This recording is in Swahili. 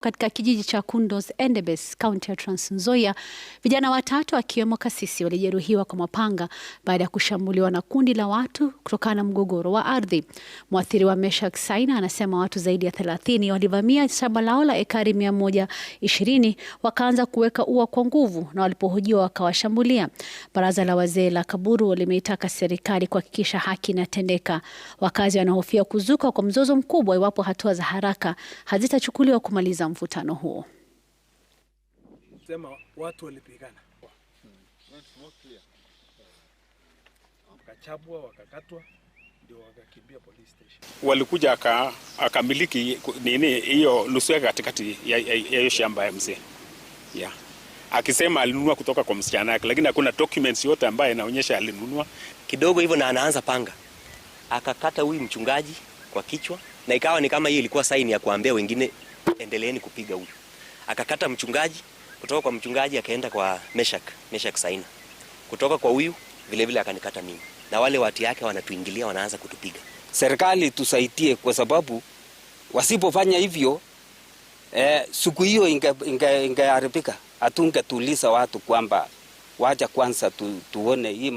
Katika kijiji cha Kundos Endebess, kaunti ya Trans Nzoia, vijana watatu akiwemo kasisi walijeruhiwa kwa mapanga baada ya kushambuliwa na kundi la watu kutokana na mgogoro wa ardhi. mwathiri wa Meshak Saina anasema watu zaidi ya 30 walivamia shamba lao la ekari 120 wakaanza kuweka ua kwa nguvu na walipohojiwa wakawashambulia. Baraza la wazee la Kaburu limeitaka serikali kuhakikisha haki inatendeka. Wakazi wanahofia kuzuka kwa mzozo mkubwa iwapo hatua za haraka hazitachukuliwa kumaliza mvutano huo. Sema watu walipigana, wakachabwa, wakakatwa, ndio wakakimbia police station. Walikuja aka, akamiliki nini hiyo nusu yake katikati ya hiyo shamba ya mzee yeah. Akisema alinunua kutoka kwa msichana yake, lakini hakuna documents yote ambayo inaonyesha alinunua kidogo hivyo, na anaanza panga akakata huyu mchungaji kwa kichwa, na ikawa ni kama hiyo ilikuwa saini ya kuambia wengine endeleeni kupiga huyu. Akakata mchungaji, kutoka kwa mchungaji akaenda kwa Meshak, Meshak Saina. Kutoka kwa huyu vile vile akanikata mimi. Na wale watu yake wanatuingilia wanaanza kutupiga. Serikali tusaidie kwa sababu wasipofanya hivyo eh, siku hiyo ingeharibika. Hatungetuliza watu kwamba waja kwanza tu, tuone hii